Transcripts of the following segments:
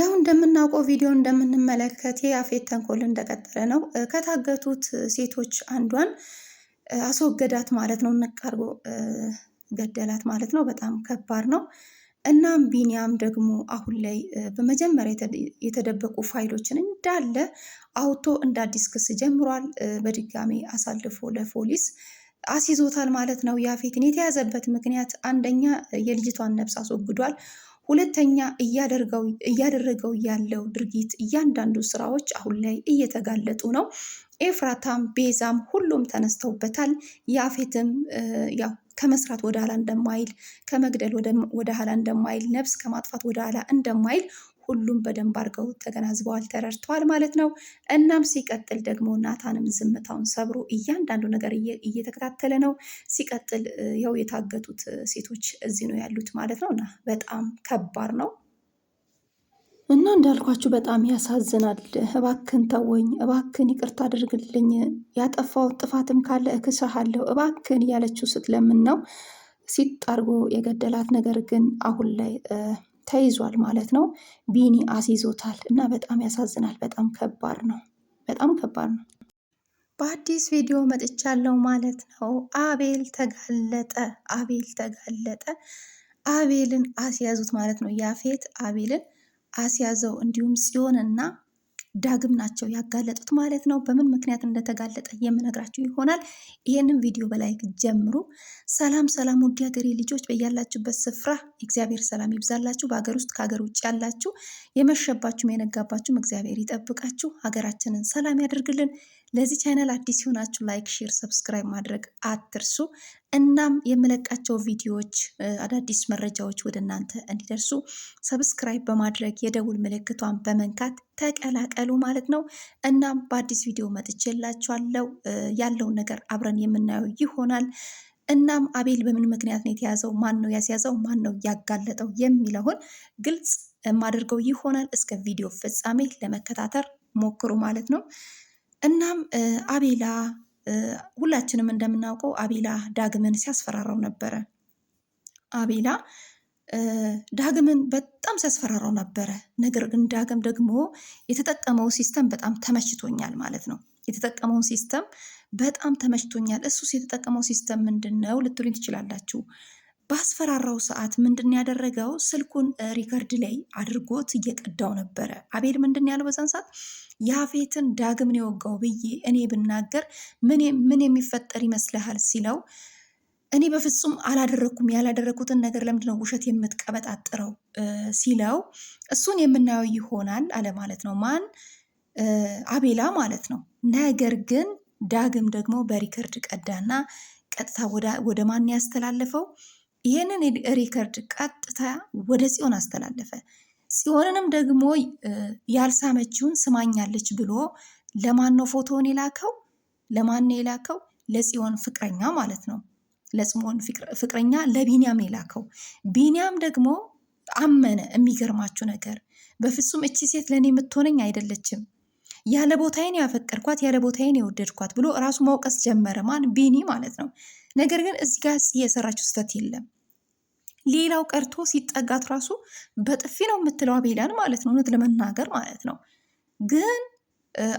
ያው እንደምናውቀው ቪዲዮ እንደምንመለከት የአፌት ተንኮል እንደቀጠለ ነው። ከታገቱት ሴቶች አንዷን አስወገዳት ማለት ነው። ነቃርጎ ገደላት ማለት ነው። በጣም ከባድ ነው። እናም ቢኒያም ደግሞ አሁን ላይ በመጀመሪያ የተደበቁ ፋይሎችን እንዳለ አውቶ እንደ አዲስ ክስ ጀምሯል። በድጋሚ አሳልፎ ለፖሊስ አስይዞታል ማለት ነው። ያፌትን የተያዘበት ምክንያት አንደኛ የልጅቷን ነፍስ አስወግዷል። ሁለተኛ እያደረገው ያለው ድርጊት እያንዳንዱ ስራዎች አሁን ላይ እየተጋለጡ ነው። ኤፍራታም ቤዛም ሁሉም ተነስተውበታል። ያፌትም ያው ከመስራት ወደ ኋላ እንደማይል፣ ከመግደል ወደ ኋላ እንደማይል፣ ነፍስ ከማጥፋት ወደ ኋላ እንደማይል ሁሉም በደንብ አድርገው ተገናዝበዋል፣ ተረድተዋል ማለት ነው። እናም ሲቀጥል ደግሞ ናታንም ዝምታውን ሰብሮ እያንዳንዱ ነገር እየተከታተለ ነው። ሲቀጥል ያው የታገቱት ሴቶች እዚህ ነው ያሉት ማለት ነው እና በጣም ከባድ ነው። እና እንዳልኳችሁ በጣም ያሳዝናል። እባክን ተወኝ፣ እባክን ይቅርታ አድርግልኝ፣ ያጠፋው ጥፋትም ካለ እክስሃለሁ፣ እባክን ያለችው ስትለምን ነው ሲጣርጎ የገደላት ነገር ግን አሁን ላይ ተይዟል ማለት ነው። ቢኒ አስይዞታል እና በጣም ያሳዝናል። በጣም ከባድ ነው። በጣም ከባድ ነው። በአዲስ ቪዲዮ መጥቻለሁ ማለት ነው። አቤል ተጋለጠ። አቤል ተጋለጠ። አቤልን አስያዙት ማለት ነው። ያፌት አቤልን አስያዘው። እንዲሁም ጽዮንና ዳግም ናቸው ያጋለጡት ማለት ነው። በምን ምክንያት እንደተጋለጠ የምነግራችሁ ይሆናል። ይህንን ቪዲዮ በላይክ ጀምሩ። ሰላም ሰላም፣ ውድ ሀገሬ ልጆች በያላችሁበት ስፍራ እግዚአብሔር ሰላም ይብዛላችሁ። በሀገር ውስጥ ከሀገር ውጭ ያላችሁ የመሸባችሁም የነጋባችሁም እግዚአብሔር ይጠብቃችሁ። ሀገራችንን ሰላም ያደርግልን። ለዚህ ቻናል አዲስ ሲሆናችሁ ላይክ፣ ሼር፣ ሰብስክራይብ ማድረግ አትርሱ። እናም የምለቃቸው ቪዲዮዎች፣ አዳዲስ መረጃዎች ወደ እናንተ እንዲደርሱ ሰብስክራይብ በማድረግ የደውል ምልክቷን በመንካት ተቀላቀሉ ማለት ነው። እናም በአዲስ ቪዲዮ መጥቼላችኋለሁ። ያለውን ነገር አብረን የምናየው ይሆናል። እናም አቤል በምን ምክንያት ነው የተያዘው? ማን ነው ያስያዘው? ማን ነው ያጋለጠው? የሚለውን ግልጽ የማደርገው ይሆናል። እስከ ቪዲዮ ፍጻሜ ለመከታተል ሞክሩ ማለት ነው። እናም አቤላ ሁላችንም እንደምናውቀው አቤላ ዳግምን ሲያስፈራራው ነበረ። አቤላ ዳግምን በጣም ሲያስፈራራው ነበረ። ነገር ግን ዳግም ደግሞ የተጠቀመው ሲስተም በጣም ተመችቶኛል ማለት ነው። የተጠቀመውን ሲስተም በጣም ተመችቶኛል። እሱስ የተጠቀመው ሲስተም ምንድን ነው ልትሉኝ ትችላላችሁ። ባስፈራራው ሰዓት ምንድን ያደረገው ስልኩን ሪከርድ ላይ አድርጎት እየቀዳው ነበረ። አቤል ምንድን ያለው በዛን ሰዓት ያፌትን ዳግም የወጋው ብዬ እኔ ብናገር ምን የሚፈጠር ይመስልሃል ሲለው እኔ በፍጹም አላደረግኩም፣ ያላደረግኩትን ነገር ለምንድነው ውሸት የምትቀበጣጥረው ሲለው እሱን የምናየው ይሆናል አለ ማለት ነው። ማን አቤላ ማለት ነው። ነገር ግን ዳግም ደግሞ በሪከርድ ቀዳና ቀጥታ ወደ ማን ያስተላለፈው ይህንን ሪከርድ ቀጥታ ወደ ጽዮን አስተላለፈ። ጽዮንንም ደግሞ ያልሳመችውን ስማኛለች ብሎ ለማን ነው ፎቶውን የላከው? ለማን ነው የላከው? ለጽዮን ፍቅረኛ ማለት ነው። ለጽዮን ፍቅረኛ ለቢንያም የላከው። ቢንያም ደግሞ አመነ። የሚገርማችሁ ነገር በፍጹም እቺ ሴት ለእኔ የምትሆነኝ አይደለችም፣ ያለ ቦታዬን ያፈቀድኳት ያለ ቦታዬን የወደድኳት ብሎ ራሱ መውቀስ ጀመረ። ማን ቢኒ ማለት ነው። ነገር ግን እዚህ ጋር የሰራችው ስህተት የለም። ሌላው ቀርቶ ሲጠጋት ራሱ በጥፊ ነው የምትለው አቤላን ማለት ነው፣ እውነት ለመናገር ማለት ነው። ግን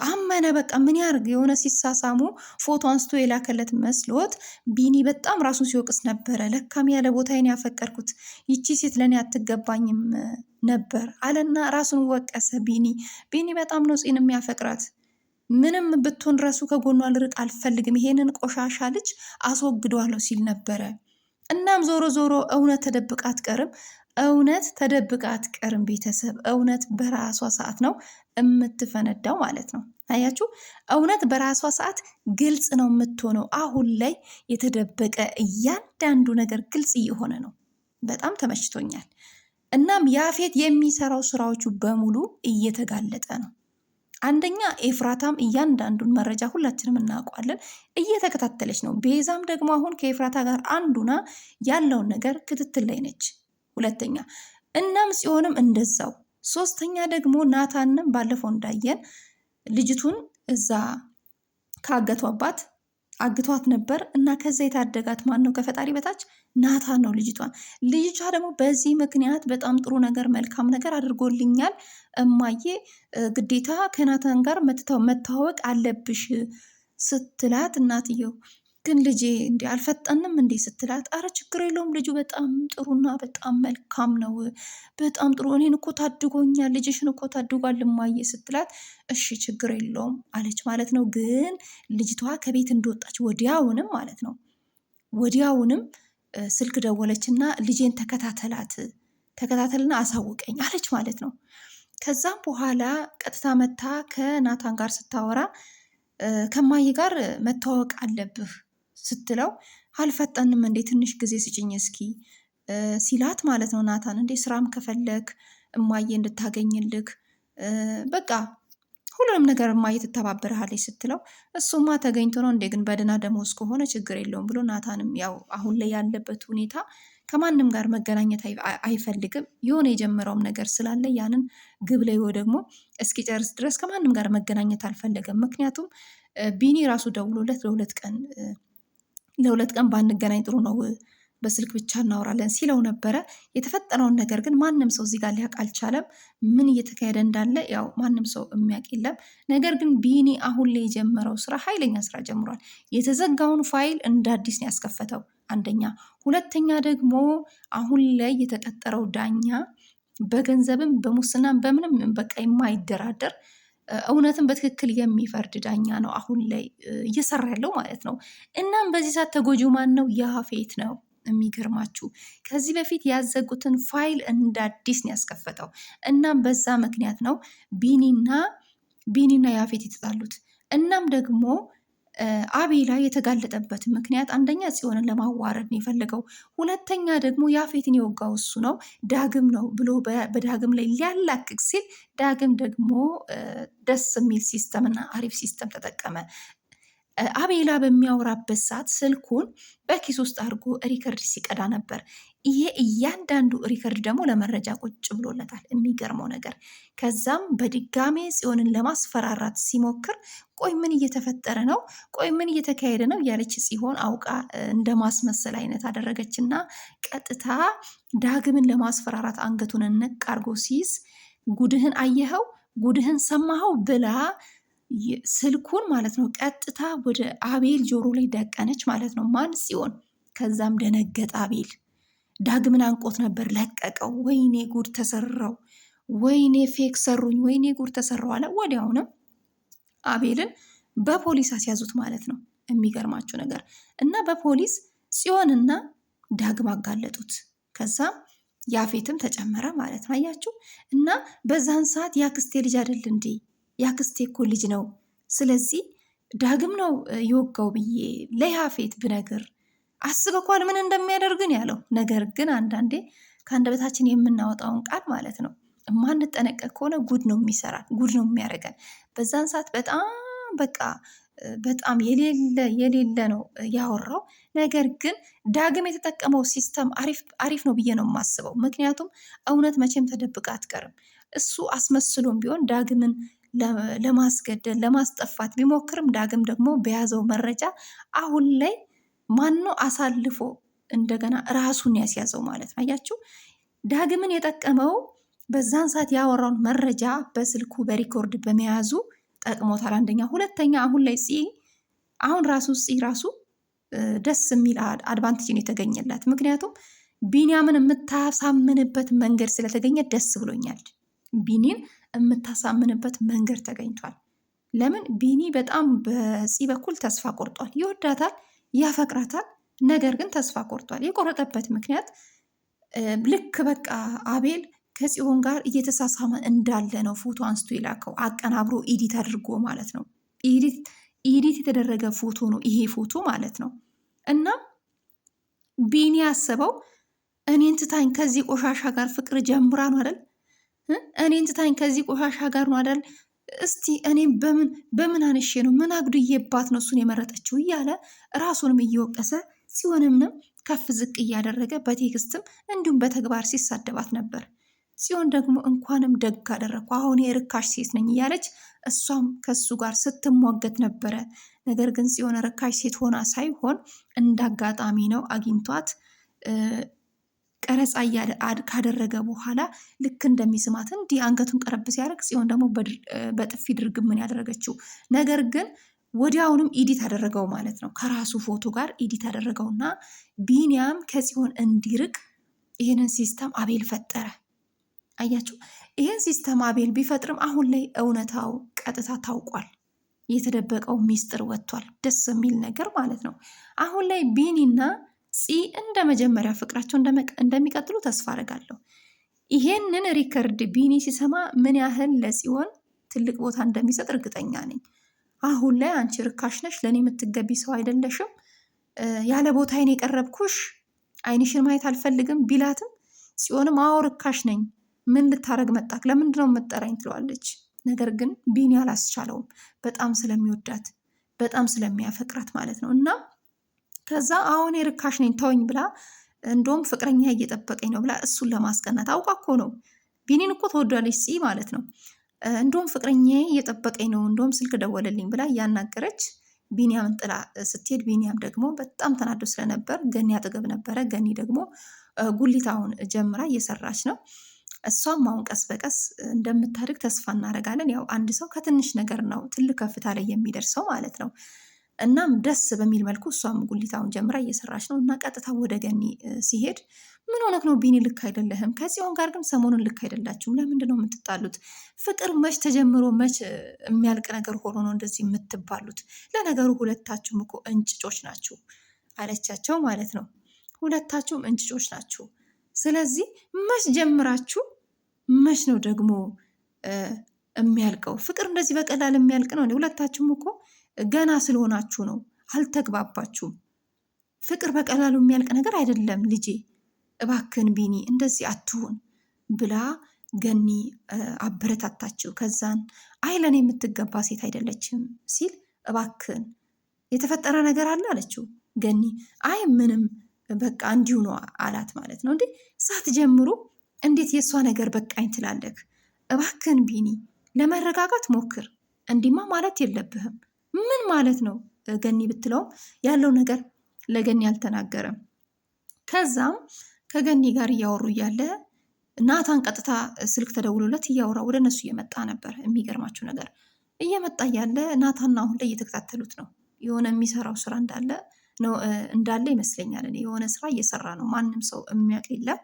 አመነ በቃ ምን ያርግ፣ የሆነ ሲሳሳሙ ፎቶ አንስቶ የላከለት መስሎት ቢኒ በጣም ራሱን ሲወቅስ ነበረ። ለካም ያለ ቦታዬን ያፈቀርኩት ይቺ ሴት ለእኔ አትገባኝም ነበር አለና ራሱን ወቀሰ ቢኒ። ቢኒ በጣም ነው ፂን የሚያፈቅራት ምንም ብትሆን ረሱ ከጎኗ ልርቅ አልፈልግም፣ ይሄንን ቆሻሻ ልጅ አስወግደዋለሁ ሲል ነበረ። እናም ዞሮ ዞሮ እውነት ተደብቃ አትቀርም። እውነት ተደብቃ አትቀርም። ቤተሰብ እውነት በራሷ ሰዓት ነው የምትፈነዳው ማለት ነው። አያችሁ፣ እውነት በራሷ ሰዓት ግልጽ ነው የምትሆነው። አሁን ላይ የተደበቀ እያንዳንዱ ነገር ግልጽ እየሆነ ነው። በጣም ተመችቶኛል። እናም ያፌት የሚሰራው ስራዎቹ በሙሉ እየተጋለጠ ነው። አንደኛ ኤፍራታም እያንዳንዱን መረጃ ሁላችንም እናውቀዋለን፣ እየተከታተለች ነው። ቤዛም ደግሞ አሁን ከኤፍራታ ጋር አንዱና ያለውን ነገር ክትትል ላይ ነች። ሁለተኛ እናም ጽዮንም እንደዛው። ሶስተኛ ደግሞ ናታንም ባለፈው እንዳየን ልጅቱን እዛ ካገቷባት አግቷት ነበር እና ከዛ የታደጋት ማን ነው? ከፈጣሪ በታች ናታ ነው ልጅቷን። ልጅቷ ደግሞ በዚህ ምክንያት በጣም ጥሩ ነገር መልካም ነገር አድርጎልኛል እማዬ፣ ግዴታ ከናታን ጋር መተዋወቅ አለብሽ ስትላት እናትየው ግን ልጄ እንዲ አልፈጠንም እንዴ ስትላት፣ አረ ችግር የለውም ልጁ በጣም ጥሩና በጣም መልካም ነው፣ በጣም ጥሩ እኔን እኮ ታድጎኛል፣ ልጅሽን እኮ ታድጓል እማዬ ስትላት፣ እሺ ችግር የለውም አለች ማለት ነው። ግን ልጅቷ ከቤት እንደወጣች ወዲያውንም ማለት ነው ወዲያውንም ስልክ ደወለችና ልጄን ተከታተላት፣ ተከታተልና አሳውቀኝ አለች ማለት ነው። ከዛም በኋላ ቀጥታ መታ ከናታን ጋር ስታወራ ከማይ ጋር መተዋወቅ አለብህ ስትለው አልፈጠንም እንዴ ትንሽ ጊዜ ስጭኝ እስኪ ሲላት ማለት ነው። ናታን እንዴ ስራም ከፈለክ እማዬ እንድታገኝልክ በቃ ሁሉንም ነገር እማዬ ትተባበረሃለች ስትለው እሱማ ተገኝቶ ነው እንዴ ግን በድና ደሞዝ ከሆነ ችግር የለውም ብሎ ናታንም ያው አሁን ላይ ያለበት ሁኔታ ከማንም ጋር መገናኘት አይፈልግም። የሆነ የጀመረውም ነገር ስላለ ያንን ግብ ላይ ደግሞ እስኪጨርስ ድረስ ከማንም ጋር መገናኘት አልፈለገም። ምክንያቱም ቢኒ ራሱ ደውሎለት ለሁለት ቀን ለሁለት ቀን ባንገናኝ ጥሩ ነው በስልክ ብቻ እናወራለን ሲለው ነበረ። የተፈጠረውን ነገር ግን ማንም ሰው እዚህ ጋር ሊያውቅ አልቻለም። ምን እየተካሄደ እንዳለ ያው ማንም ሰው የሚያውቅ የለም። ነገር ግን ቢኒ አሁን ላይ የጀመረው ስራ ኃይለኛ ስራ ጀምሯል። የተዘጋውን ፋይል እንደ አዲስ ነው ያስከፈተው። አንደኛ፣ ሁለተኛ ደግሞ አሁን ላይ የተቀጠረው ዳኛ በገንዘብም በሙስናም በምንም በቃ የማይደራደር እውነትን በትክክል የሚፈርድ ዳኛ ነው አሁን ላይ እየሰራ ያለው ማለት ነው። እናም በዚህ ሰዓት ተጎጂው ማን ነው? ያፌት ነው። የሚገርማችሁ ከዚህ በፊት ያዘጉትን ፋይል እንደ አዲስ ነው ያስከፈተው። እናም በዛ ምክንያት ነው ቢኒና ቢኒና ያፌት የተጣሉት እናም ደግሞ አቤላ የተጋለጠበት ምክንያት አንደኛ ጽዮንን ለማዋረድ ነው የፈለገው፣ ሁለተኛ ደግሞ ያፌትን የወጋው እሱ ነው ዳግም ነው ብሎ በዳግም ላይ ሊያላክቅ ሲል ዳግም ደግሞ ደስ የሚል ሲስተም እና አሪፍ ሲስተም ተጠቀመ። አቤላ በሚያወራበት ሰዓት ስልኩን በኪስ ውስጥ አድርጎ ሪከርድ ሲቀዳ ነበር። ይሄ እያንዳንዱ ሪከርድ ደግሞ ለመረጃ ቁጭ ብሎለታል። የሚገርመው ነገር ከዛም በድጋሜ ጽዮንን ለማስፈራራት ሲሞክር ቆይ ምን እየተፈጠረ ነው? ቆይ ምን እየተካሄደ ነው? እያለች ጽዮን አውቃ እንደ ማስመሰል አይነት አደረገች እና ቀጥታ ዳግምን ለማስፈራራት አንገቱን ነቅ አድርጎ ሲይዝ ጉድህን አየኸው፣ ጉድህን ሰማኸው ብላ ስልኩን ማለት ነው ቀጥታ ወደ አቤል ጆሮ ላይ ደቀነች ማለት ነው። ማን ሲሆን ከዛም ደነገጠ አቤል። ዳግምን አንቆት ነበር ለቀቀው። ወይኔ ጉድ ተሰራው፣ ወይኔ ፌክ ሰሩኝ፣ ወይኔ ጉድ ተሰራው አለ። ወዲያውንም አቤልን በፖሊስ አስያዙት ማለት ነው። የሚገርማችሁ ነገር እና በፖሊስ ጽዮንና ዳግም አጋለጡት። ከዛም ያፌትም ተጨመረ ማለት ነው። አያችሁ እና በዛን ሰዓት ያክስቴ ልጅ አይደል እንዴ ያክስቴ እኮ ልጅ ነው፣ ስለዚህ ዳግም ነው የወጋው ብዬ ለያፌት ብነግር አስበኳል ምን እንደሚያደርግን ያለው። ነገር ግን አንዳንዴ ከአንደበታችን የምናወጣውን ቃል ማለት ነው የማንጠነቀቅ ከሆነ ጉድ ነው የሚሰራን፣ ጉድ ነው የሚያደርገን። በዛን ሰዓት በጣም በቃ በጣም የሌለ የሌለ ነው ያወራው። ነገር ግን ዳግም የተጠቀመው ሲስተም አሪፍ ነው ብዬ ነው የማስበው። ምክንያቱም እውነት መቼም ተደብቃ አትቀርም። እሱ አስመስሎም ቢሆን ዳግምን ለማስገደል ለማስጠፋት ቢሞክርም ዳግም ደግሞ በያዘው መረጃ አሁን ላይ ማነው አሳልፎ እንደገና ራሱን ያስያዘው ማለት ነው። አያችሁ ዳግምን የጠቀመው በዛን ሰዓት ያወራውን መረጃ በስልኩ በሪኮርድ በመያዙ ጠቅሞታል። አንደኛ፣ ሁለተኛ አሁን ላይ ፅ አሁን ራሱ ፅ ራሱ ደስ የሚል አድቫንቴጅን የተገኘላት ምክንያቱም ቢኒያምን የምታሳምንበት መንገድ ስለተገኘ ደስ ብሎኛል። ቢኒን የምታሳምንበት መንገድ ተገኝቷል። ለምን ቢኒ በጣም በፂ በኩል ተስፋ ቆርጧል። ይወዳታል፣ ያፈቅራታል። ነገር ግን ተስፋ ቆርጧል። የቆረጠበት ምክንያት ልክ በቃ አቤል ከፂሆን ጋር እየተሳሳመ እንዳለ ነው ፎቶ አንስቶ የላከው አቀናብሮ ኢዲት አድርጎ ማለት ነው። ኢዲት የተደረገ ፎቶ ነው ይሄ ፎቶ ማለት ነው። እና ቢኒ ያሰበው እኔን ትታኝ ከዚህ ቆሻሻ ጋር ፍቅር ጀምራ ነው አይደል እኔን ትታኝ ከዚህ ቆሻሻ ጋር ነው አይደል? እስቲ እኔም በምን በምን አንሼ ነው ምን አግዱዬባት ነው እሱን የመረጠችው እያለ ራሱንም እየወቀሰ ሲሆንም ከፍ ዝቅ እያደረገ በቴክስትም እንዲሁም በተግባር ሲሳደባት ነበር። ሲሆን ደግሞ እንኳንም ደግ አደረግኩ አሁን የርካሽ ሴት ነኝ እያለች እሷም ከሱ ጋር ስትሟገት ነበረ። ነገር ግን ሲሆን ርካሽ ሴት ሆና ሳይሆን እንዳጋጣሚ ነው አግኝቷት ቀረጻ ካደረገ በኋላ ልክ እንደሚስማት እንዲህ አንገቱን ቀረብ ሲያደርግ ጽዮን ደግሞ በጥፊ ድርግም ምን ያደረገችው ነገር ግን ወዲያውንም ኢዲት አደረገው ማለት ነው። ከራሱ ፎቶ ጋር ኢዲት አደረገውና ቢኒያም ከጽዮን እንዲርቅ ይህንን ሲስተም አቤል ፈጠረ። አያችሁ፣ ይህን ሲስተም አቤል ቢፈጥርም አሁን ላይ እውነታው ቀጥታ ታውቋል። የተደበቀው ሚስጥር ወጥቷል። ደስ የሚል ነገር ማለት ነው። አሁን ላይ ቢኒና ፂ እንደ መጀመሪያ ፍቅራቸው እንደሚቀጥሉ ተስፋ አደርጋለሁ። ይሄንን ሪከርድ ቢኒ ሲሰማ ምን ያህል ለፂሆን ትልቅ ቦታ እንደሚሰጥ እርግጠኛ ነኝ። አሁን ላይ አንቺ ርካሽ ነሽ፣ ለእኔ የምትገቢ ሰው አይደለሽም፣ ያለ ቦታ አይን የቀረብኩሽ አይንሽን ማየት አልፈልግም ቢላትም ጽዮንም አዎ ርካሽ ነኝ፣ ምን ልታደረግ መጣክ? ለምንድን ነው የምጠራኝ? ትለዋለች። ነገር ግን ቢኒ አላስቻለውም፣ በጣም ስለሚወዳት በጣም ስለሚያፈቅራት ማለት ነው እና ከዛ አሁን የርካሽ ነኝ ተውኝ ብላ እንደውም ፍቅረኛ እየጠበቀኝ ነው ብላ እሱን ለማስቀናት አውቃ እኮ ነው። ቢኒን እኮ ተወዷለች ሲ ማለት ነው። እንደውም ፍቅረኛ እየጠበቀኝ ነው እንደውም ስልክ ደወለልኝ ብላ እያናገረች ቢኒያምን ጥላ ስትሄድ ቢኒያም ደግሞ በጣም ተናዶ ስለነበር ገኒ አጠገብ ነበረ። ገኒ ደግሞ ጉሊታውን ጀምራ እየሰራች ነው። እሷም አሁን ቀስ በቀስ እንደምታድግ ተስፋ እናደርጋለን። ያው አንድ ሰው ከትንሽ ነገር ነው ትልቅ ከፍታ ላይ የሚደርሰው ማለት ነው። እናም ደስ በሚል መልኩ እሷም ጉሊታውን ጀምራ እየሰራች ነው እና ቀጥታ ወደ ገኒ ሲሄድ ምን ሆነክ ነው ቢኒ? ልክ አይደለህም። ከጽዮን ጋር ግን ሰሞኑን ልክ አይደላችሁም። ለምንድን ነው የምትጣሉት? ፍቅር መች ተጀምሮ መች የሚያልቅ ነገር ሆኖ ነው እንደዚህ የምትባሉት? ለነገሩ ሁለታችሁም እኮ እንጭጮች ናችሁ አለቻቸው ማለት ነው። ሁለታችሁም እንጭጮች ናችሁ። ስለዚህ መች ጀምራችሁ መች ነው ደግሞ የሚያልቀው? ፍቅር እንደዚህ በቀላል የሚያልቅ ነው? ሁለታችሁም እኮ ገና ስለሆናችሁ ነው። አልተግባባችሁም። ፍቅር በቀላሉ የሚያልቅ ነገር አይደለም ልጄ፣ እባክን ቢኒ እንደዚህ አትሁን ብላ ገኒ አበረታታችው። ከዛን አይ የምትገባ ሴት አይደለችም ሲል እባክን የተፈጠረ ነገር አለ አለችው። ገኒ አይ ምንም በቃ እንዲሁ ነው አላት ማለት ነው። እንዴ ሳት ጀምሮ እንዴት የእሷ ነገር በቃኝ ትላለህ? እባክን ቢኒ ለመረጋጋት ሞክር። እንዲማ ማለት የለብህም ምን ማለት ነው ገኒ ብትለውም ያለው ነገር ለገኒ አልተናገረም። ከዛም ከገኒ ጋር እያወሩ እያለ ናታን ቀጥታ ስልክ ተደውሎለት እያወራ ወደ እነሱ እየመጣ ነበር። የሚገርማችሁ ነገር እየመጣ እያለ ናታና አሁን ላይ እየተከታተሉት ነው። የሆነ የሚሰራው ስራ እንዳለ ነው እንዳለ ይመስለኛል። የሆነ ስራ እየሰራ ነው። ማንም ሰው የሚያውቅ የለም።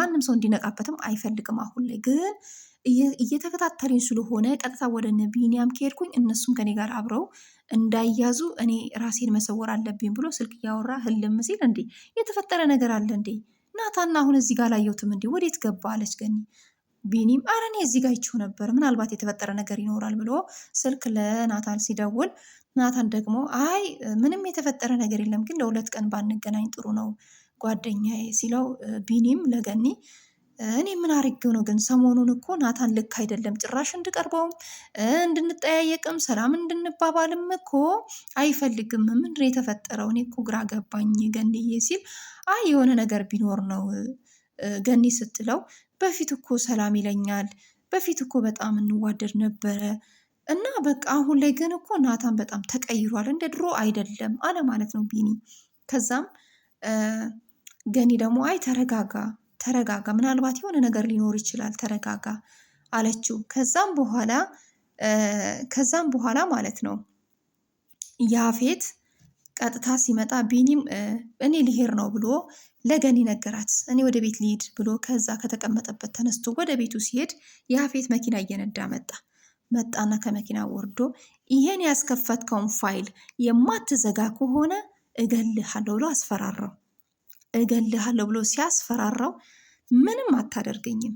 ማንም ሰው እንዲነቃበትም አይፈልግም። አሁን ላይ ግን እየተከታተሉኝ ስለሆነ ቀጥታ ወደ እነ ቢኒያም ከሄድኩኝ እነሱም ከኔ ጋር አብረው እንዳያዙ እኔ ራሴን መሰወር አለብኝ ብሎ ስልክ እያወራ ህልም ሲል እንዴ የተፈጠረ ነገር አለ እንዴ ናታና አሁን እዚህ ጋር አላየሁትም እንዲ ወዴት ገባ? አለች ገኒ። ቢኒም ኧረ እኔ እዚህ ጋር ይችው ነበር ምናልባት የተፈጠረ ነገር ይኖራል ብሎ ስልክ ለናታን ሲደውል ናታን ደግሞ አይ ምንም የተፈጠረ ነገር የለም፣ ግን ለሁለት ቀን ባንገናኝ ጥሩ ነው ጓደኛዬ ሲለው ቢኒም ለገኒ እኔ ምን አርጌው ነው ግን? ሰሞኑን እኮ ናታን ልክ አይደለም። ጭራሽ እንድቀርበውም እንድንጠያየቅም ሰላም እንድንባባልም እኮ አይፈልግም። ምንድን የተፈጠረው? እኔ እኮ ግራ ገባኝ ገንዬ ሲል አይ የሆነ ነገር ቢኖር ነው ገኒ ስትለው፣ በፊት እኮ ሰላም ይለኛል፣ በፊት እኮ በጣም እንዋደድ ነበረ እና በቃ አሁን ላይ ግን እኮ ናታን በጣም ተቀይሯል፣ እንደ ድሮ አይደለም አለ ማለት ነው ቢኒ። ከዛም ገኒ ደግሞ አይ ተረጋጋ ተረጋጋ፣ ምናልባት የሆነ ነገር ሊኖር ይችላል፣ ተረጋጋ አለችው። ከዛም በኋላ ከዛም በኋላ ማለት ነው ያፌት ቀጥታ ሲመጣ ቢኒም እኔ ልሄድ ነው ብሎ ለገኒ ነገራት። እኔ ወደ ቤት ልሂድ ብሎ ከዛ ከተቀመጠበት ተነስቶ ወደ ቤቱ ሲሄድ ያፌት መኪና እየነዳ መጣ። መጣና ከመኪና ወርዶ ይሄን ያስከፈትከውን ፋይል የማትዘጋ ከሆነ እገልሃለሁ ብሎ አስፈራራው። እገልሃለሁ ብሎ ሲያስፈራራው ምንም አታደርገኝም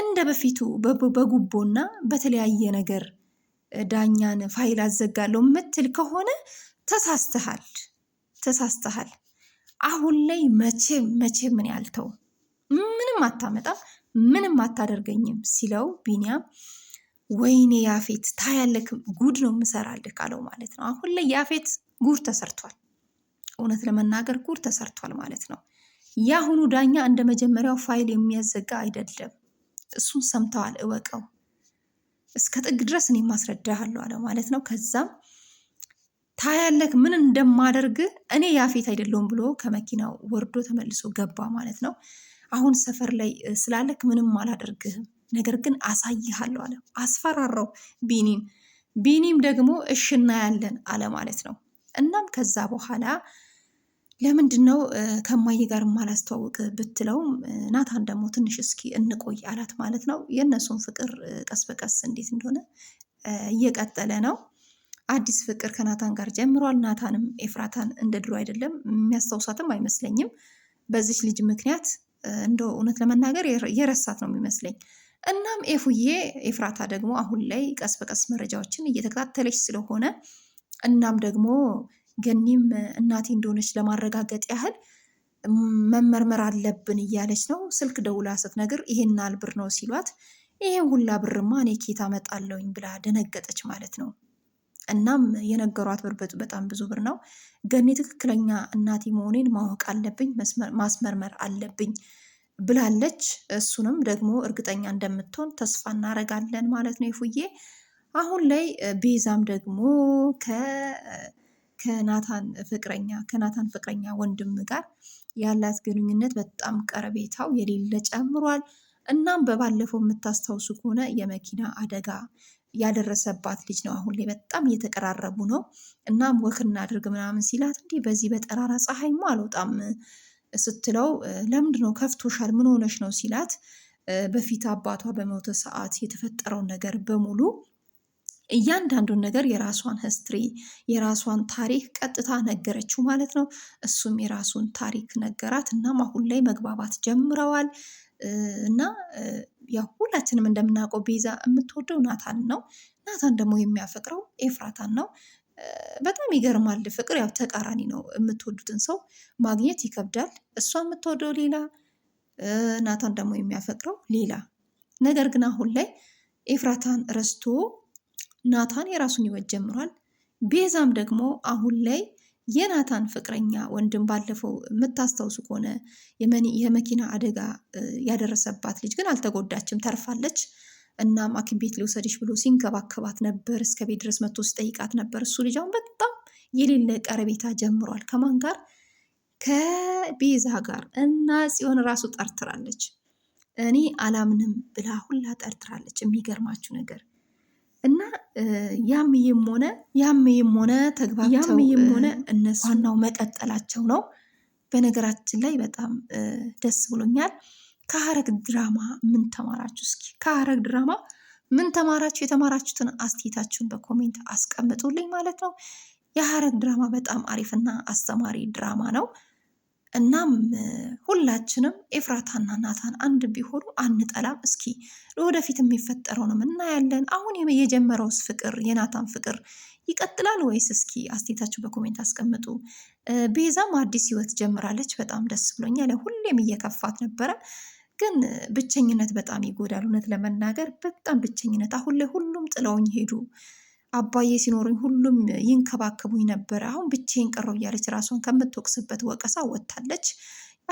እንደ በፊቱ በጉቦና በተለያየ ነገር ዳኛን ፋይል አዘጋለሁ የምትል ከሆነ ተሳስተሃል ተሳስተሃል። አሁን ላይ መቼ መቼ ምን ያልተው ምንም አታመጣም፣ ምንም አታደርገኝም ሲለው ቢኒያም ወይኔ ያፌት ታያለክ፣ ጉድ ነው የምሰራልህ ካለው ማለት ነው። አሁን ላይ ያፌት ጉድ ተሰርቷል፣ እውነት ለመናገር ጉድ ተሰርቷል ማለት ነው። የአሁኑ ዳኛ እንደ መጀመሪያው ፋይል የሚያዘጋ አይደለም። እሱን ሰምተዋል፣ እወቀው። እስከ ጥግ ድረስ እኔ ማስረዳሃለሁ አለ ማለት ነው። ከዛም ታያለክ ምን እንደማደርግ እኔ ያፌት አይደለሁም ብሎ ከመኪናው ወርዶ ተመልሶ ገባ ማለት ነው። አሁን ሰፈር ላይ ስላለክ ምንም አላደርግህም፣ ነገር ግን አሳይሃለሁ አለ። አስፈራራው ቢኒን። ቢኒም ደግሞ እሽ እናያለን አለ ማለት ነው። እናም ከዛ በኋላ ለምንድን ነው ከማይ ጋር ማላስተዋውቅ ብትለው ናታን ደግሞ ትንሽ እስኪ እንቆይ አላት ማለት ነው። የእነሱን ፍቅር ቀስ በቀስ እንዴት እንደሆነ እየቀጠለ ነው። አዲስ ፍቅር ከናታን ጋር ጀምሯል። ናታንም ኤፍራታን እንደ ድሮ አይደለም የሚያስታውሳትም አይመስለኝም። በዚች ልጅ ምክንያት እንደ እውነት ለመናገር የረሳት ነው የሚመስለኝ። እናም ኤፉዬ ኤፍራታ ደግሞ አሁን ላይ ቀስ በቀስ መረጃዎችን እየተከታተለች ስለሆነ እናም ደግሞ ገኒም እናቴ እንደሆነች ለማረጋገጥ ያህል መመርመር አለብን እያለች ነው። ስልክ ደውላ ስትነግር ይሄን ያህል ብር ነው ሲሏት ይሄን ሁላ ብርማ እኔ ኬት አመጣለሁኝ ብላ ደነገጠች ማለት ነው። እናም የነገሯት ብር በጣም ብዙ ብር ነው። ገኒ ትክክለኛ እናቴ መሆኔን ማወቅ አለብኝ፣ ማስመርመር አለብኝ ብላለች። እሱንም ደግሞ እርግጠኛ እንደምትሆን ተስፋ እናደርጋለን ማለት ነው። ይፉዬ አሁን ላይ ቤዛም ደግሞ ከ ከናታን ፍቅረኛ ከናታን ፍቅረኛ ወንድም ጋር ያላት ግንኙነት በጣም ቀረቤታው የሌለ ጨምሯል። እናም በባለፈው የምታስታውሱ ከሆነ የመኪና አደጋ ያደረሰባት ልጅ ነው። አሁን ላይ በጣም እየተቀራረቡ ነው። እናም ወክ እናድርግ ምናምን ሲላት እንዲህ በዚህ በጠራራ ፀሐይማ አልወጣም ስትለው ለምንድን ነው ከፍቶሻል? ምን ሆነሽ ነው ሲላት በፊት አባቷ በሞተ ሰዓት የተፈጠረውን ነገር በሙሉ እያንዳንዱን ነገር የራሷን ህስትሪ የራሷን ታሪክ ቀጥታ ነገረችው ማለት ነው። እሱም የራሱን ታሪክ ነገራት። እናም አሁን ላይ መግባባት ጀምረዋል እና ያው ሁላችንም እንደምናውቀው ቤዛ የምትወደው ናታን ነው። ናታን ደግሞ የሚያፈቅረው ኤፍራታን ነው። በጣም ይገርማል። ፍቅር ያው ተቃራኒ ነው። የምትወዱትን ሰው ማግኘት ይከብዳል። እሷ የምትወደው ሌላ፣ ናታን ደግሞ የሚያፈቅረው ሌላ። ነገር ግን አሁን ላይ ኤፍራታን ረስቶ ናታን የራሱን ህይወት ጀምሯል። ቤዛም ደግሞ አሁን ላይ የናታን ፍቅረኛ ወንድም ባለፈው የምታስታውሱ ከሆነ የመኪና አደጋ ያደረሰባት ልጅ ግን አልተጎዳችም፣ ተርፋለች። እናም ሐኪም ቤት ሊወሰድሽ ብሎ ሲንከባከባት ነበር። እስከ ቤት ድረስ መጥቶ ሲጠይቃት ነበር። እሱ ልጅ አሁን በጣም የሌለ ቀረቤታ ጀምሯል። ከማን ጋር? ከቤዛ ጋር እና ጽዮን ራሱ ጠርትራለች። እኔ አላምንም ብላ ሁላ ጠርትራለች። የሚገርማችሁ ነገር እና ያምይም ሆነ ያምይም ሆነ ተግባብተው ሆነ እነሱ ዋናው መቀጠላቸው ነው። በነገራችን ላይ በጣም ደስ ብሎኛል። ከሀረግ ድራማ ምን ተማራችሁ? እስኪ ከሀረግ ድራማ ምን ተማራችሁ? የተማራችሁትን አስተያየታችሁን በኮሜንት አስቀምጡልኝ ማለት ነው። የሀረግ ድራማ በጣም አሪፍና አስተማሪ ድራማ ነው። እናም ሁላችንም ኤፍራታና ናታን አንድ ቢሆኑ አንጠላም። እስኪ ወደፊት የሚፈጠረውንም እናያለን። አሁን የጀመረውስ ፍቅር የናታን ፍቅር ይቀጥላል ወይስ? እስኪ አስቴታችሁ በኮሜንት አስቀምጡ። ቤዛም አዲስ ህይወት ጀምራለች። በጣም ደስ ብሎኛል። ሁሌም እየከፋት ነበረ። ግን ብቸኝነት በጣም ይጎዳል። እውነት ለመናገር በጣም ብቸኝነት። አሁን ላይ ሁሉም ጥለውኝ ሄዱ አባዬ ሲኖሩኝ ሁሉም ይንከባከቡኝ ነበር፣ አሁን ብቻዬን ቀረው እያለች ራሷን ከምትወቅስበት ወቀሳ ወጥታለች።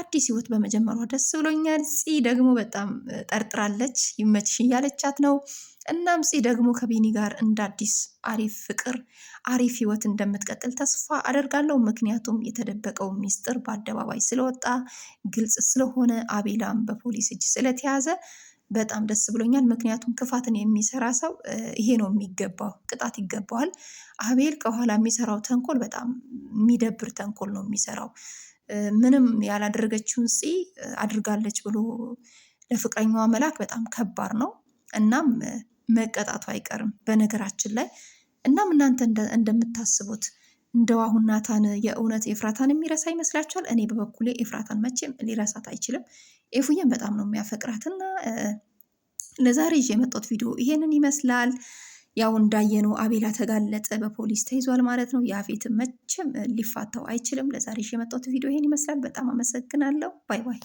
አዲስ ህይወት በመጀመሯ ደስ ብሎኛል። ፂ ደግሞ በጣም ጠርጥራለች፣ ይመችሽ እያለቻት ነው። እናም ፂ ደግሞ ከቢኒ ጋር እንደ አዲስ አሪፍ ፍቅር፣ አሪፍ ህይወት እንደምትቀጥል ተስፋ አደርጋለሁ። ምክንያቱም የተደበቀው ሚስጥር በአደባባይ ስለወጣ ግልጽ ስለሆነ አቤላም በፖሊስ እጅ ስለተያዘ በጣም ደስ ብሎኛል። ምክንያቱም ክፋትን የሚሰራ ሰው ይሄ ነው የሚገባው፣ ቅጣት ይገባዋል። አቤል ከኋላ የሚሰራው ተንኮል በጣም የሚደብር ተንኮል ነው የሚሰራው። ምንም ያላደረገችውን ፂ አድርጋለች ብሎ ለፍቅረኛዋ መላክ በጣም ከባድ ነው። እናም መቀጣቱ አይቀርም በነገራችን ላይ እናም እናንተ እንደምታስቡት እንደው አሁን ናታን የእውነት ኤፍራታን የሚረሳ ይመስላችኋል? እኔ በበኩሌ ኤፍራታን መቼም ሊረሳት አይችልም። ኤፉዬን በጣም ነው የሚያፈቅራትና ለዛሬ ይዤ የመጣሁት ቪዲዮ ይሄንን ይመስላል። ያው እንዳየነው አቤላ ተጋለጠ፣ በፖሊስ ተይዟል ማለት ነው። ያፌት መቼም ሊፋታው አይችልም። ለዛሬ ይዤ የመጣሁት ቪዲዮ ይሄን ይመስላል። በጣም አመሰግናለሁ። ባይ ባይ